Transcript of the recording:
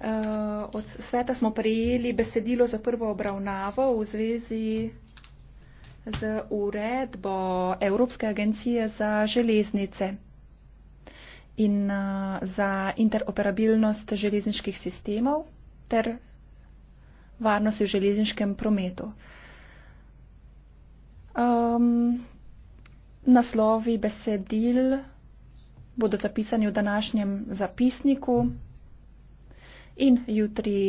Eh, od sveta smo prejeli besedilo za prvo obravnavo v zvezi z uredbo Evropske agencije za železnice in eh, za interoperabilnost železniških sistemov ter varnosti v železniškem prometu. Um, naslovi besedil bodo zapisani v današnjem zapisniku. Mm in jutri.